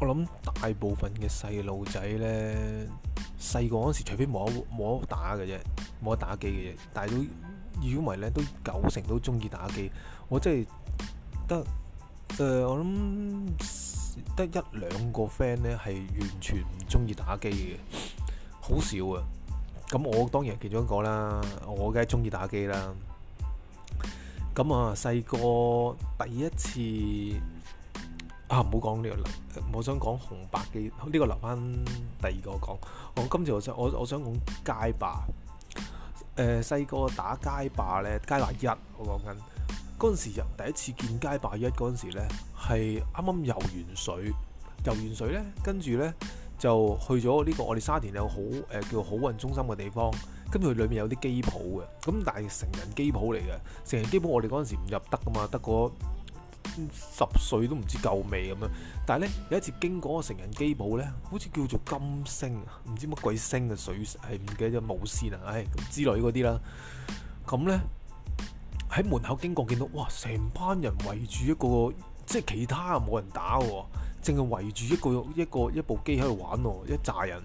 我諗大部分嘅細路仔呢，細個嗰時除非冇冇得，得打嘅啫，冇得打機嘅啫，大到如果唔係呢都九成都中意打機。我真係得誒、呃，我諗得一兩個 friend 呢係完全唔中意打機嘅，好少啊。咁我當然係其中一個啦，我梗係中意打機啦。咁啊，細個第一次。啊，唔好講呢個喇，我想講紅白機呢、呢個留翻第二個我講。我今次我想我我想講街霸。誒、呃，細個打街霸咧，街霸一，我講緊嗰陣時入第一次見街霸一嗰陣時咧，係啱啱遊完水，遊完水咧，跟住咧就去咗呢個我哋沙田有好誒、呃、叫好運中心嘅地方，跟住佢裏面有啲機鋪嘅，咁但係成人機鋪嚟嘅，成人機鋪我哋嗰陣時唔入得噶嘛，得個十歲都唔知夠未咁樣，但係咧有一次經過個成人機鋪咧，好似叫做金星啊，唔知乜鬼星啊，水係唔記得無線啊，唉之類嗰啲啦，咁咧喺門口經過見到，哇！成班人圍住一個即係其他又冇人打，淨係圍住一個一個一部機喺度玩喎，一紮人。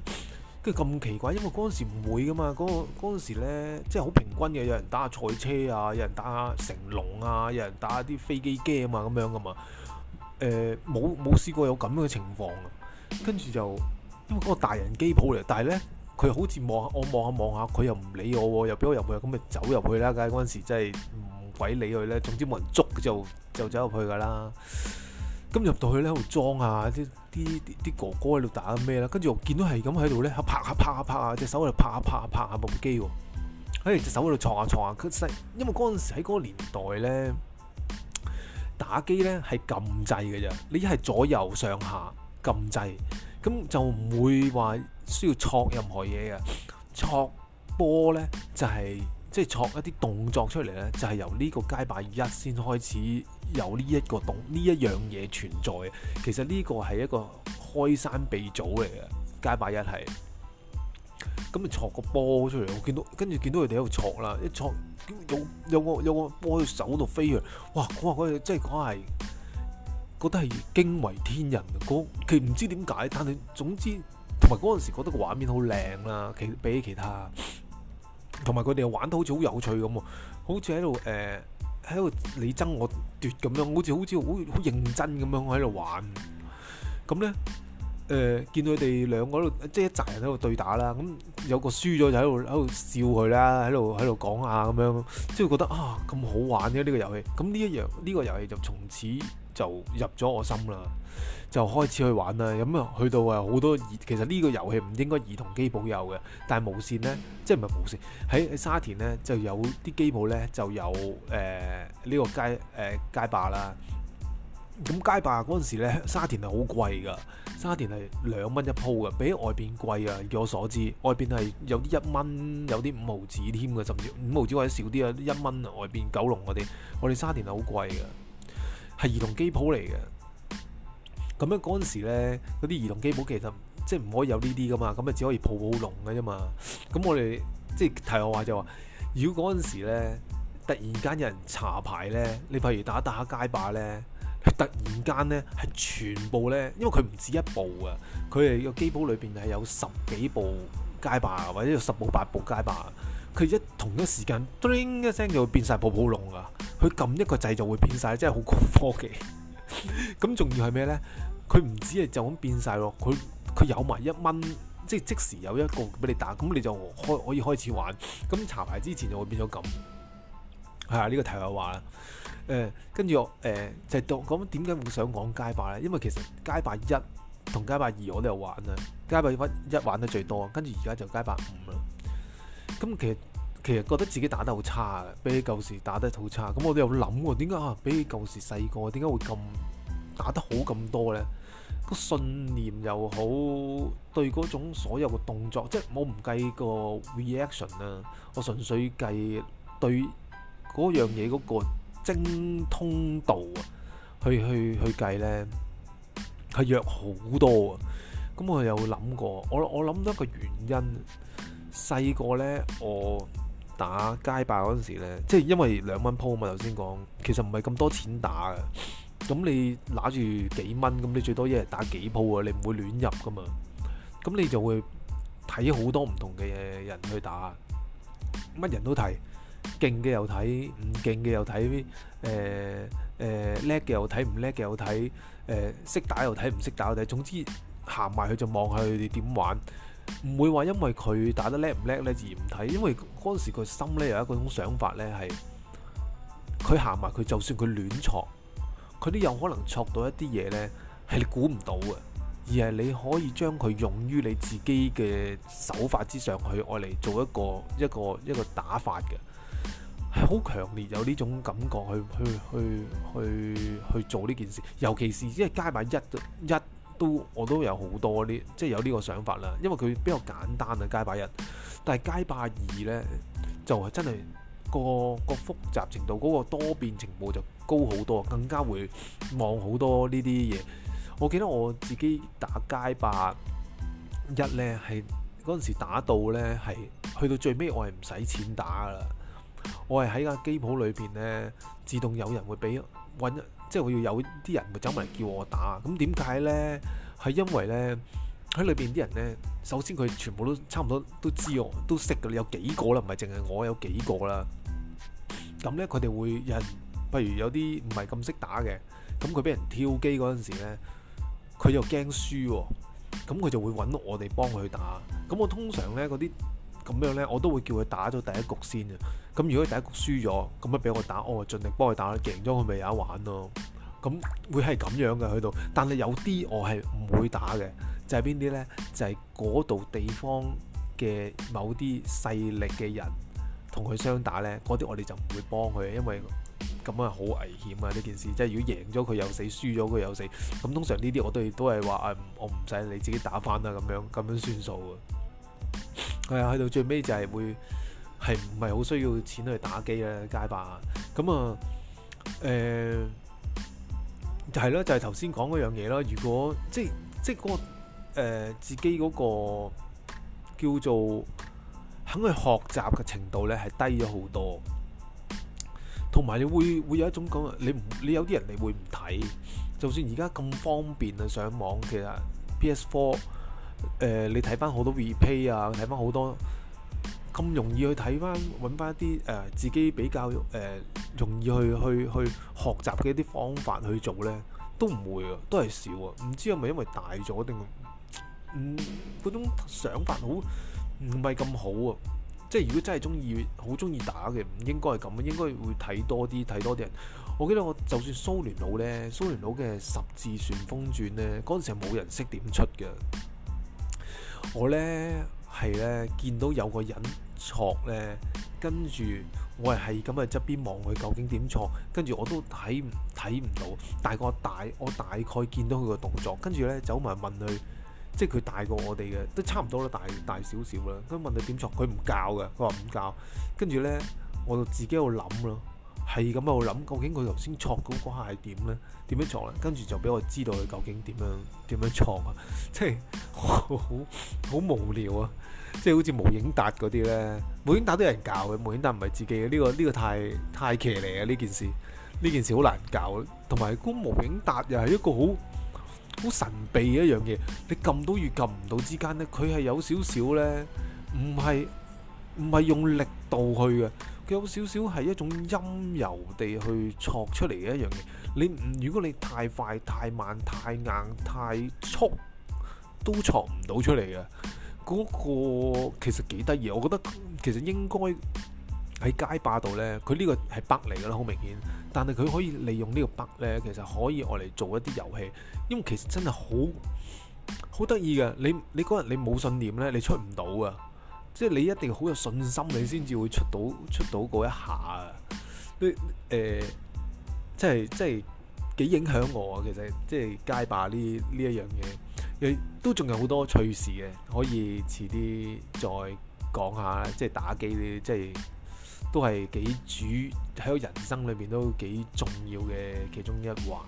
佢咁奇怪，因為嗰陣時唔會噶嘛，嗰個嗰陣時咧即係好平均嘅，有人打下賽車啊，有人打下成龍啊，有人打下啲飛機 game 啊咁樣噶嘛，誒，冇冇試過有咁樣嘅情況啊？跟住就因為嗰個大人機鋪嚟，但係咧佢好似望我望下望下，佢又唔理我，又俾我入去，咁咪走入去啦。嗰陣時真係唔鬼理佢咧，總之冇人捉，就就走入去噶啦。咁入到去咧，喺度裝啊啲～啲啲哥哥喺度打咩啦？跟住我見到係咁喺度咧，拍下拍下拍下隻手喺度拍下拍下拍下部機喎。喺隻手喺度挫下挫下，因為嗰陣時喺嗰個年代咧，打機咧係撳掣嘅啫，你係左右上下撳掣，咁就唔會話需要挫任何嘢嘅。挫波咧就係、是。即係挫一啲動作出嚟咧，就係、是、由呢個街霸一先開始有呢一個動呢一樣嘢存在嘅。其實呢個係一個開山鼻祖嚟嘅，街霸一係。咁啊挫個波出嚟，我見到跟住見到佢哋喺度挫啦，一挫有有個有個波喺手度飛去。哇！我話真係講係覺得係驚為天人。佢、那、唔、個、知點解，但係總之同埋嗰陣時覺得個畫面好靚啦、啊，其比起其他。同埋佢哋又玩得好似好有趣咁，好似喺度誒，喺度你爭我奪咁樣，好似好似好好認真咁樣喺度玩。咁咧誒，見到佢哋兩個喺度，即係一紮人喺度對打啦。咁有個輸咗就喺度喺度笑佢啦，喺度喺度講下咁樣，即係覺得啊咁好玩嘅呢個遊戲。咁呢一樣呢個遊戲就從此。就入咗我心啦，就開始去玩啦。咁啊，去到啊好多，其實呢個遊戲唔應該兒童機舖有嘅。但係無綫咧，即係唔係無綫喺沙田呢，就有啲機舖呢，就有誒呢、呃這個街誒、呃、街霸啦。咁街霸嗰陣時咧，沙田係好貴噶，沙田係兩蚊一鋪噶，比外邊貴啊。據我所知，外邊係有啲一蚊，有啲五毫子添噶，甚至五毫子或者少啲啊，一蚊外邊九龍嗰啲，我哋沙田係好貴噶。係兒童機鋪嚟嘅，咁樣嗰陣時咧，嗰啲兒童機鋪其實即係唔可以有呢啲噶嘛，咁咪只可以泡泡龍嘅啫嘛。咁我哋即係提我話就話，如果嗰陣時咧，突然間有人查牌呢，你譬如打打街霸呢，突然間呢係全部呢，因為佢唔止一部啊，佢哋個機鋪裏邊係有十幾部街霸，或者有十部八部街霸，佢一同一時間叮一聲就會變晒泡泡龍啊！佢撳一個掣就會變晒，真係好高科技。咁仲要係咩呢？佢唔止係就咁變晒咯，佢佢有埋一蚊，即即時有一個俾你打，咁你就開可以開始玩。咁查牌之前就會變咗咁。係啊，呢個題外話啦。誒、呃，跟住我誒、呃、就係講點解會想講街霸呢？因為其實街霸一同街霸二我都有玩啊，街霸一玩得最多，跟住而家就街霸五啦。咁其實～其實覺得自己打得好差嘅，比起舊時打得好差。咁我哋有諗喎，點解啊？比起舊時細個，點解會咁打得好咁多呢？個信念又好，對嗰種所有嘅動作，即係我唔計個 reaction 啊，我純粹計對嗰樣嘢嗰個精通度去去去計呢，係弱好多啊！咁我有諗過，我我諗到一個原因，細個呢。我。打街霸嗰陣時呢，即係因為兩蚊鋪嘛，頭先講其實唔係咁多錢打嘅，咁你攞住幾蚊，咁你最多一日打幾鋪喎，你唔會亂入噶嘛，咁你就會睇好多唔同嘅人去打，乜人都睇，勁嘅又睇，唔勁嘅又睇，誒誒叻嘅又睇，唔叻嘅又睇，誒、呃、識打又睇，唔識打又睇，總之行埋去就望下佢哋點玩。唔會話因為佢打得叻唔叻呢而唔睇，因為嗰陣時佢心呢有一種想法呢，係，佢行埋佢就算佢亂錯，佢都有可能錯到一啲嘢，呢係你估唔到嘅，而係你可以將佢用於你自己嘅手法之上，去愛嚟做一個一個一個打法嘅，係好強烈有呢種感覺去去去去去，去做呢件事，尤其是即係加埋一一。一都我都有好多呢，即係有呢個想法啦。因為佢比較簡單啊，街霸一。但係街霸二咧，就係真係個個複雜程度，嗰個多變程度就高好多，更加會望好多呢啲嘢。我記得我自己打街霸一咧，係嗰陣時打到咧，係去到最尾，我係唔使錢打噶啦。我係喺架機鋪裏邊咧，自動有人會俾揾。即係我要有啲人會走埋嚟叫我打，咁點解呢？係因為呢，喺裏邊啲人呢，首先佢全部都差唔多都知我都識㗎，你有幾個啦，唔係淨係我有幾個啦。咁呢，佢哋會有，譬如有啲唔係咁識打嘅，咁佢俾人跳機嗰陣時呢，佢又驚輸喎，咁佢就會揾我哋幫佢打。咁我通常呢嗰啲。咁樣呢，我都會叫佢打咗第一局先嘅。咁如果第一局輸咗，咁咪俾我打，我盡力幫佢打。贏咗佢咪有得玩咯。咁會係咁樣嘅喺度。但係有啲我係唔會打嘅，就係邊啲呢？就係嗰度地方嘅某啲勢力嘅人同佢相打呢。嗰啲我哋就唔會幫佢，因為咁樣好危險啊！呢件事即係如果贏咗佢又死，輸咗佢又死。咁通常呢啲我都係都係話誒，我唔使你自己打翻啦，咁樣咁樣算數嘅。係啊，去到最尾就係會係唔係好需要錢去打機啊？街霸咁啊，誒，係咯，就係頭先講嗰樣嘢啦。如果即即嗰、嗰個誒、呃、自己嗰、嗰個叫做肯去學習嘅程度咧，係低咗好多。同埋你會會有一種咁，你唔你有啲人你會唔睇，就算而家咁方便啊上網，其實 PS Four。誒、呃，你睇翻好多 replay 啊，睇翻好多咁容易去睇翻，揾翻一啲誒、呃、自己比較誒、呃、容易去去去學習嘅一啲方法去做呢，都唔會啊，都係少啊。唔知係咪因為大咗定嗯嗰種想法好唔係咁好啊？即係如果真係中意，好中意打嘅，唔應該係咁啊，應該會睇多啲睇多啲人。我記得我就算蘇聯佬呢，蘇聯佬嘅十字旋風轉呢，嗰陣時係冇人識點出嘅。我呢，係呢，見到有個人錯呢。跟住我係咁喺側邊望佢究竟點錯，跟住我都睇睇唔到。大概大，我大概見到佢個動作，跟住呢，走埋問佢，即係佢大過我哋嘅，都差唔多啦，大大少少啦。跟問佢點錯，佢唔教嘅，佢話唔教。跟住呢，我就自己喺度諗咯。係咁喺度諗，究竟佢頭先錯嗰嗰下係點咧？點樣錯咧？跟住就俾我知道佢究竟點樣點樣錯啊！即係好好無聊啊！即係好似無影達嗰啲咧，無影達都有人教嘅，無影達唔係自己嘅。呢個呢個太太奇嚟啊！呢件事呢件事好難教，同埋嗰無影達又係一個好好神秘嘅一樣嘢。你撳到與撳唔到之間咧，佢係有少少咧，唔係唔係用力度去嘅。佢有少少係一種陰柔地去戳出嚟嘅一樣嘢。你如果你太快、太慢、太硬、太速，都戳唔到出嚟嘅。嗰、那個其實幾得意，我覺得其實應該喺街霸度呢，佢呢個係北嚟噶啦，好明顯。但係佢可以利用呢個北呢，其實可以我嚟做一啲遊戲，因為其實真係好好得意嘅。你你嗰日你冇信念呢，你出唔到啊！即係你一定好有信心，你先至會出到出到嗰一下啊！你、呃、即係即係幾影響我啊！其實即係街霸呢呢一樣嘢，都仲有好多趣事嘅，可以遲啲再講一下。即係打機，呢啲即係都係幾主喺我人生裏面都幾重要嘅其中一環。